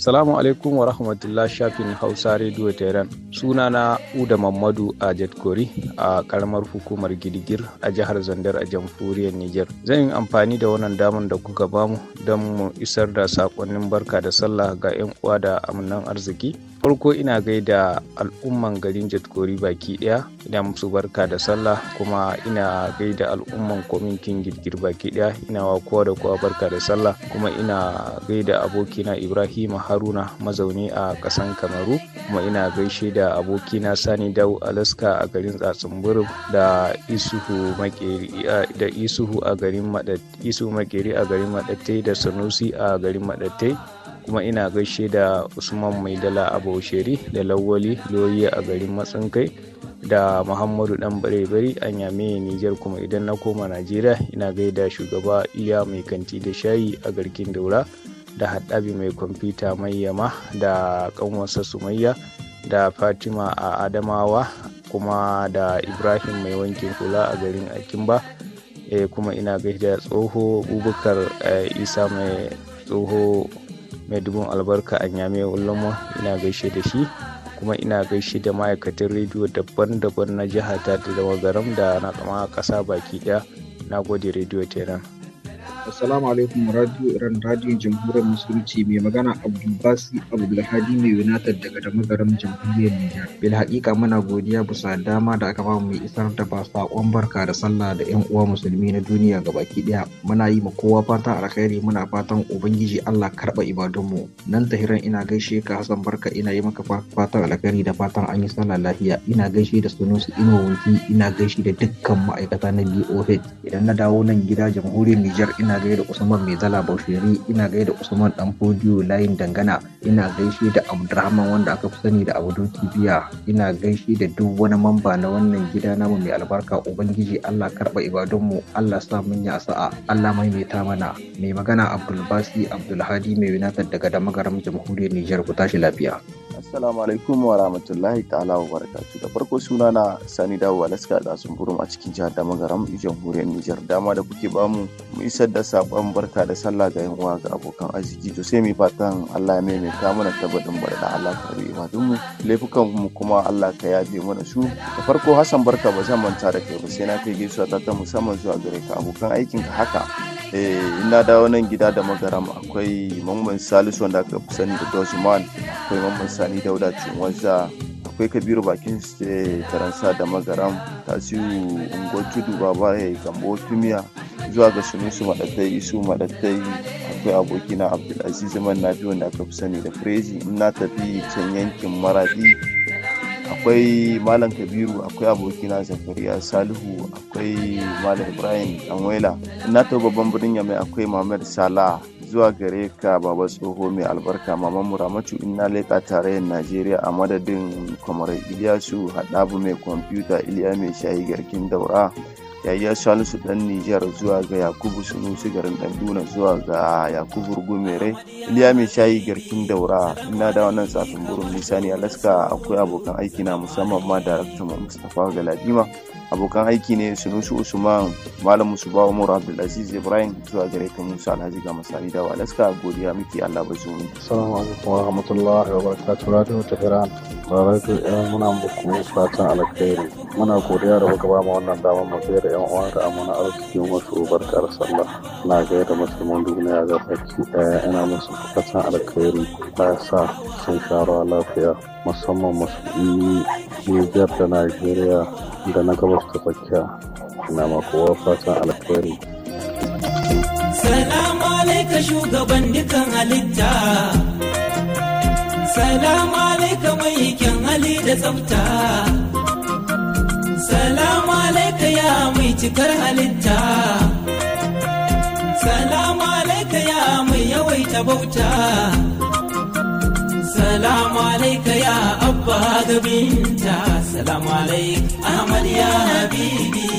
Salamu alaikum wa rahmatullah shafin Hausa Radio Tehran. Suna na Uda Mamadu a Jatkori a karamar hukumar Gidigir a jihar Zandar a jamhuriyar Niger. Zan yi amfani da wannan damar da kuka bamu don mu isar da sakonnin barka da sallah ga 'yan uwa da amnan arziki farko ina gaida al'umman garin jatkori baki daya ina musu barka da sallah kuma ina gaida al'umman kwaminkin girgir baki daya ina wa kowa da kowa barka da sallah kuma ina gaida abokina ibrahim haruna mazauni a kasan kamaru kuma ina gaishe da abokina sani dau alaska a garin tsatsunburum da isuhu makeri da isuhu a garin da sanusi a garin madate kuma ina gaishe da usman mai dala a bausheri da lawali loyi a garin matsin kai da muhammadu dan bare-bare an yame nijar kuma idan na koma najeriya ina gaida shugaba iya mai kanti da shayi a garkin daura da haɗabi mai kwamfuta mai yama da ƙanwarsa sumayya da fatima a adamawa kuma da ibrahim mai wankin kula a garin akimba eh, kuma ina gaida tsoho bubukar eh, isa mai tsoho mai dubin albarka a nyame ulama ina gaishe da shi kuma ina gaishe da ma'aikatan rediyo daban-daban na jihata da magaram da na kama kasa baki daya na gode rediyo tenan. Assalamu alaikum radio Iran radiyon jamhuriyar musulunci mai magana Abdulbasi Abdulhadi mai yunatar daga da magaram jamhuriyar Nijar. Bil haƙiƙa muna godiya bisa dama da aka bamu mai isar da ba saƙon barka da sallah da ƴan uwa musulmi na duniya gabaki ɗaya. Muna yi ma kowa fatan alkhairi muna fatan ubangiji Allah karɓa ibadunmu. Nan tahiran ina gaishe ka Hassan Barka ina yi maka fatan alkhairi da fatan an yi sallah lafiya. Ina gaishe da Sunusi Ino Wuti ina gaishe da dukkan ma'aikata na BOH. Idan na dawo nan gida jamhuriyar Nijar ina ina da Usman Mai Zala Baushiri, ina gaida Usman Dan Fodiyo Layin Dangana, ina gaishe da Abdurrahman wanda aka fi sani da Abu Biya, ina gaishe da duk wani mamba na wannan gida namu mai albarka Ubangiji Allah karba ibadunmu, Allah sa mun ya sa'a, Allah maimaita mana. Mai magana abdul Abdulbasi Abdulhadi mai United daga damagaram jamhuriyar Nijar ku tashi lafiya. Assalamu alaikum wa rahmatullahi ta'ala wa barakatu. Da farko suna na Sani Dawo Alaska da Sumburum a cikin jihar Damagaram, jamhuriyar Nijar. Dama da kuke bamu mu isar da da sakon barka da sallah ga yan ga abokan arziki to sai mu fatan Allah ya maimaita mana tabbatin bar da Allah ka rabe dunmu laifukan mu kuma Allah ka yafe mana su da farko Hassan barka ba zan manta da kai ba sai na kai gaisuwa ta ta musamman zuwa gare ka abokan aikin ka haka eh ina dawo nan gida da magaram akwai mamman Salisu wanda aka fi sani da Dosman akwai mamman Sani Dauda Cinwanza akwai kabiru bakin faransa da magaram tasiru unguwar tudu baba ya gambo tumiya zuwa ga sunusu maɗattai isu maɗattai akwai abokina abdulaziz man na biyu da aka fi sani da frezi in na tafi can yankin maradi akwai malam kabiru akwai abokina zakariya salihu akwai malam ibrahim danwela in na tafi babban birnin yamai akwai mohamed salah zuwa gare ka baba tsoho mai albarka mama muramatu ina leƙa tarayyar najeriya a madadin kwamar iliyasu haɗabu mai kwamfuta iliya mai shayi garkin daura yayya salisu dan nijar zuwa ga yakubu sunusi garin ɗanduna zuwa ga yakubu rugumere iliya mai shayi garkin daura ina da wannan safin burin ne alaska akwai abokan aiki na musamman ma daraktan mustapha galadima abokan aiki ne sunusu usman malam musuba umar abdulaziz ibrahim zuwa gare ka musa alhaji ga masani da walaska godiya miki allah ba zuwa salamu alaikum wa rahmatullahi wa barakatu radio tehran tare da yan muna muku fatan alkhairi muna godiya da baka ba wannan damar mu da yan uwa da amana arziki musu barkar sallah na da musulman duniya ga farki daya ina musu fatan alkhairi ta sa sun sharo lafiya musamman musulmi Nijar da Najeriya da na gabas ta tsakiya na makowa fatan alkhairi. Salamu alaika shugaban dukan halitta. Salamu alaika mai hali da tsafta. Salamu alaika ya mai cikar halitta. Salamu alaika ya mai yawaita bauta. salamu alaika ya abba gabinta salamu alaika ahmad ya habibi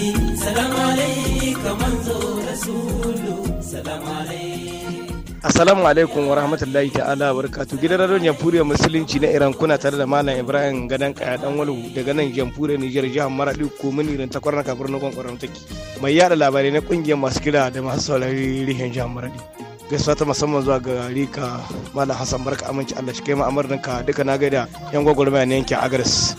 salamu alaika manzo rasulu salamu alaika Assalamu alaikum wa rahmatullahi ta'ala wa barakatu. Gidan radon Jamhuriyar Musulunci na Iran kuna tare da Malam Ibrahim Gadan Kaya Dan Walu daga nan Jamhuriyar Nijar jihar Maradi ko Iran ta kwarna kafin na kwankwaron take. Mai yada labarai na kungiyar masu kira da masu saurari rihin jihar Maradi. gaisuwa ta musamman zuwa ga rika malam hassan barka aminci allah shi kai ma ka duka na gaida yan gwagwarmaya na yankin agres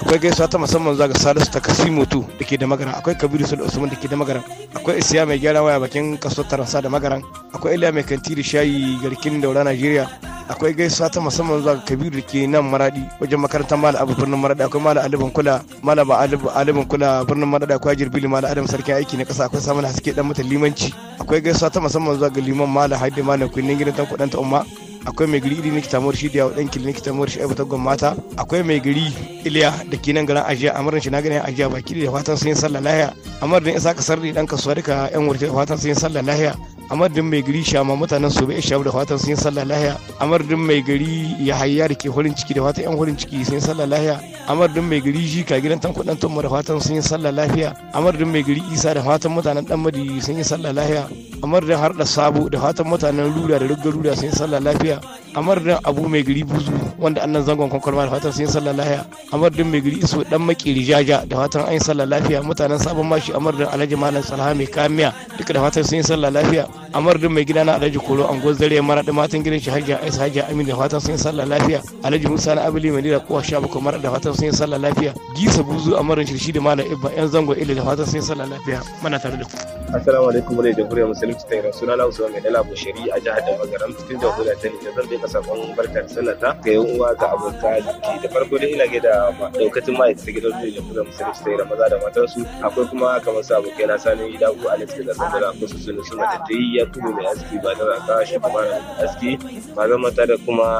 akwai gaisuwa ta musamman zuwa ga salisu ta mutu da ke da magaran akwai kabiru da usman da ke da magaran akwai isiya mai gyara waya bakin kaso taransa da magaran akwai iliya mai kantiri shayi garkin daura najeriya akwai gaisuwa ta musamman zuwa kabiru ke nan maradi wajen makaranta mala abu birnin maradi akwai mala alibin kula ba alibin kula birnin maradi akwai jirbili mala adam sarkin aiki na kasa akwai samun haske dan mutan limanci akwai gaisuwa ta musamman zuwa ga liman malam haidai malam kunnin gidan tankudan ta umma akwai mai gari iri nikita morshi da yawon ɗanki nikita morshi aibu tagon mata akwai mai gari iliya da ke nan garan ajiya a shi na ganin ajiya baki da fatan sun yi sallah lahiya amar da isa kasar da ɗan kasuwa duka yan wurce da fatan sun yi sallah lahiya amadin mai gari shama mutanen su bai shabu da fatan sun yi sallah lahiya amadin mai gari ya hayya da ke horin ciki da fatan yan horin ciki sun yi sallah lahiya amadin mai gari jika gidan tan kudan tumma da fatan sun yi sallah lafiya amadin mai gari isa da fatan mutanen dan madi sun yi sallah lahiya amadin har da sabo da fatan mutanen lura da rugga lura sun yi sallah lafiya amar din abu mai gari buzu wanda annan zangon kwankwalma da fatan sun yi sallah lafiya amar din mai gari iso dan makeri jaja da fatan an yi sallah lafiya mutanen sabon mashi amar din alhaji malam salha mai kamiya duka da fatan sun yi sallah lafiya amar din mai gidana alhaji koro angon zare mara da matan gidan shi hajja aisha hajja amin da fatan sun yi sallah lafiya alhaji musa na abuli mai da kowa sha bakwai mara da fatan sun yi sallah lafiya gisa buzu amarin shirshi da malam ibba yan zango ile da fatan sun yi sallah lafiya mana tare da ku assalamu alaikum wa rahmatullahi wa barakatuh sunana usman mai dala bushari a jihar da magaram cikin jamhuriyar ta da zan mika sakon barka da ga yan uwa ga abokan jiki da farko dai ina gaida daukacin ma'aikata gidan da jamhuriyar musulunci ta yi da maza da matansu akwai kuma kamar su abokai na sani da ku alex da zambara ko su sunu suna da dai ya tudu mai aski ba da raka shi kuma aski ba zan mata da kuma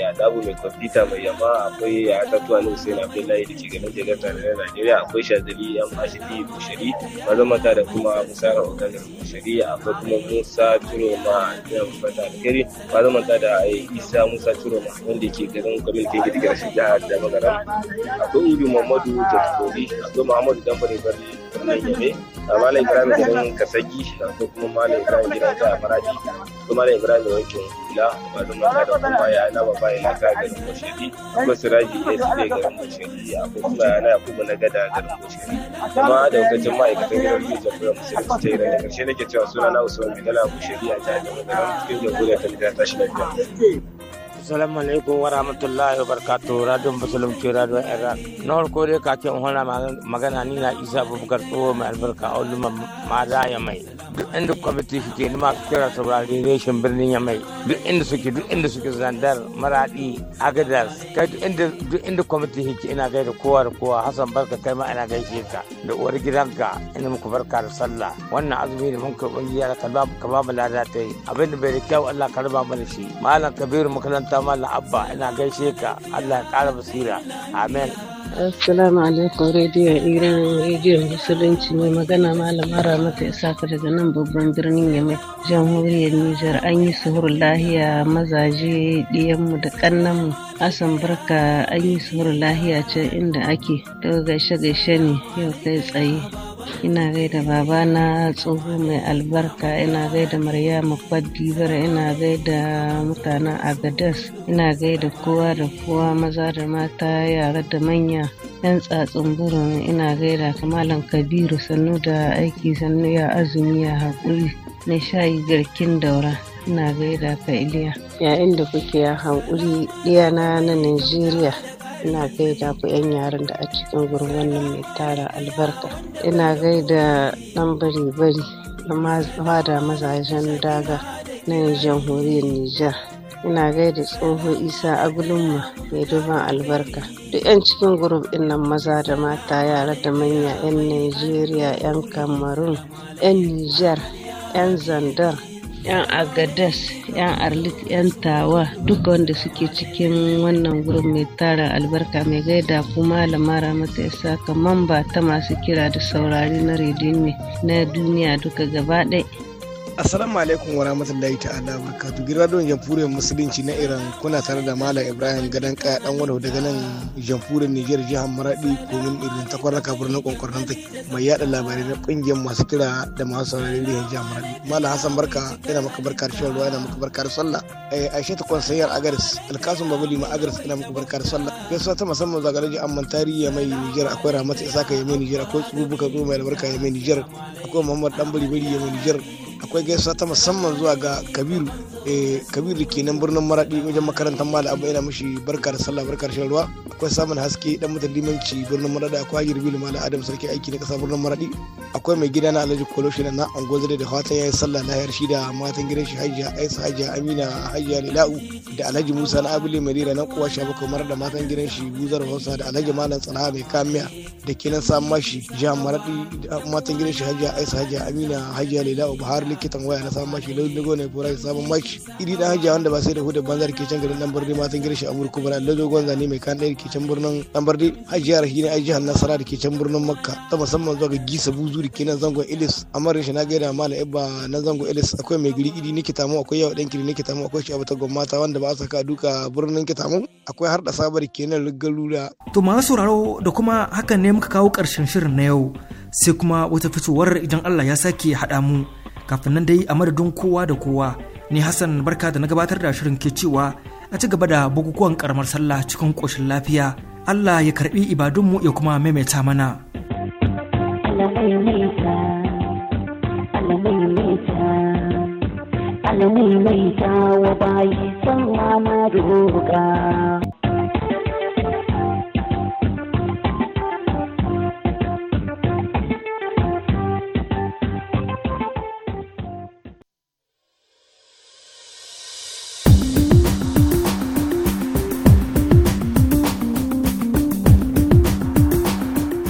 ya dabu mai kwamfuta mai yamma akwai ya tatuwa na hussein abdullahi da ke ganin jirgin tarayyar najeriya akwai shazali yan ashidi bushari ba zan mata da kuma musa rahoton bushari akwai kuma musa turo ma jiran fata da kiri ba zan mata da ai isa musa turoma wanda ke garin kwamitin gidigar shi jihar da magaram akwai udu muhammadu jakobori akwai muhammadu dambari bari nan yabe a malam ka gidan kasagi ko kuma malam ibrahim gidan ta maradi ko malam ibrahim wankin hula ba don mata da kuma ya ba baba ka ga mushiri ko siraji ya su ga mushiri a ko kuma ya na kuma na gada ga mushiri kuma da lokacin ma'aikatan gidan rediyo jamhuriyar musulunci ta iran da karshe nake cewa suna na usman bidala mushiri a jihar da magana cikin jamhuriyar ta ta shi lafiya assalamu alaikum wa rahmatullahi wa barakatu radio ke radio iraq na farko dai kafin hana magana ni na isa abubakar tsoho mai albarka a ma za ya mai duk inda kwamiti suke ni ma kira saurari reshen birnin yamai duk inda suke duk inda suke zandar maradi agadas kai duk inda kwamiti suke ina gaida kowa da kowa hasan barka kai ma ina gaishe ka da uwar gidanka ina muku barka da sallah wannan azumi da mun karɓi ya ka ba ka ba mu lada ta yi abin da bai da kyau Allah ka raba mana shi malam kabiru makaranta malam abba ina gaishe ka Allah ya ƙara basira amen Assalamu alaikum rediyo Iran Radio Musulunci mai magana malama Ramata saka daga nan babban birnin Yamai jamhuriyar Nijar an yi suhur lahiya mazaje ɗiyanmu da ƙannanmu asan barka an yi suhur lahiya can inda ake daga gaishe gaishe ne yau kai tsaye ina gaida babana tsoho mai albarka ina gaida maryamu kwadibar ina gaida mutanen agadas ina gaida kowa da kowa maza da mata yara da manya yan tsatsin burin ina gaida kamalan kabiru sannu da aiki sannu ya azumi ya haƙuri na shayi garkin daura ina gaida ka iliya yayin da kuke hankuri ɗiyana na najeriya ina gaida ku 'yan yaran da a cikin gurin wannan mai tara albarka ina gaida dan bari-bari na da mazajen daga na jamhuriyar nijar ina gaida tsoho isa a agulumma mai duban albarka duk 'yan cikin gurub din nan maza da mata yara da manya 'yan nigeria 'yan Kamarun, 'yan nijar 'yan zandar 'yan agadas 'yan arlit 'yan tawa duk wanda suke cikin wannan gurin mai tara albarka mai gaida kuma lamara mata isa kaman ba ta masu kira da saurari na ne na duniya duka gaba ɗaya Assalamu alaikum wa rahmatullahi ta'ala barakatuh. Gidan radio jamhuriyar musulunci na Iran kuna tare da Malam Ibrahim Gadan Kaya dan wani daga nan jamhuriyar niger jihar Maradi komin Irin ta kwarraka birnin konkordon take mai yada labarai na kungiyar masu kira da masu sauraron rediyon jihar Maradi. Malam Hassan Barka ina maka barkar shan ruwa ina maka barkar sallah. Eh Aisha ta sayar Agaris Alkasum Babuli ma Agaris ina maka barkar sallah. Gaisuwa ta musamman zagaraji amman tarihi mai Niger akwai Ramatu Isa ya mai Niger akwai Tsubuka Goma Albarka ya mai akwai Muhammad Dan Bari ya mai Nijar akwai gaisuwa ta musamman zuwa ga kabiru eh, kabiru kenan birnin maradi wajen makarantar malam abu yana mashi barkar sallah barkar shirarwa akwai samun haske dan mutan limanci birnin maradi akwai hajji rubilu malam adam sarki aiki na kasa birnin maradi akwai mai gida na alhaji kolo shi na angozare da fatan yayi sallah lahiyar shi da matan gidan shi hajiya aisa hajiya amina hajiya lila'u da alhaji musa na abule marira nan kuwa sha bakwai mara da matan gidan shi buzar hausa da alhaji malam tsalaha mai kamiya da kenan samun mashi jihar maradi da matan gidan shi hajiya aisa hajiya amina hajiya lila'u buhari likitan waya na samun mashi lalo dogo ne fura samun maki iri dan hajiya wanda ba sai da hudu banzar ke garin garin lambardi matan girshi a burku bana lalo gonza ne mai kan ɗaya ke can birnin lambardi hajiya rahi ai ajiyar nasara da ke can birnin makka ta musamman zuwa ga gisa buzu da ke nan zangon ilis amma rashin na gaida na ibba na zangon ilis akwai mai giri iri nikita mu akwai yawa ɗan kiri nikita mu akwai shi abu ta gwamnata wanda ba a saka duka birnin kita mu akwai har da sabar kenan lugalula. To masu sauraro da kuma hakan ne muka kawo ƙarshen shirin na yau sai kuma wata fitowar idan Allah ya sake haɗa mu kafin nan dai a madadin kowa da kowa ni Hassan barka da na gabatar da shirin ke cewa a ci gaba da bukukuwan karamar sallah cikin koshin lafiya Allah ya karbi ibadunmu ya kuma maimaita mana. Allah maimaita wa bayi sallama roƙa.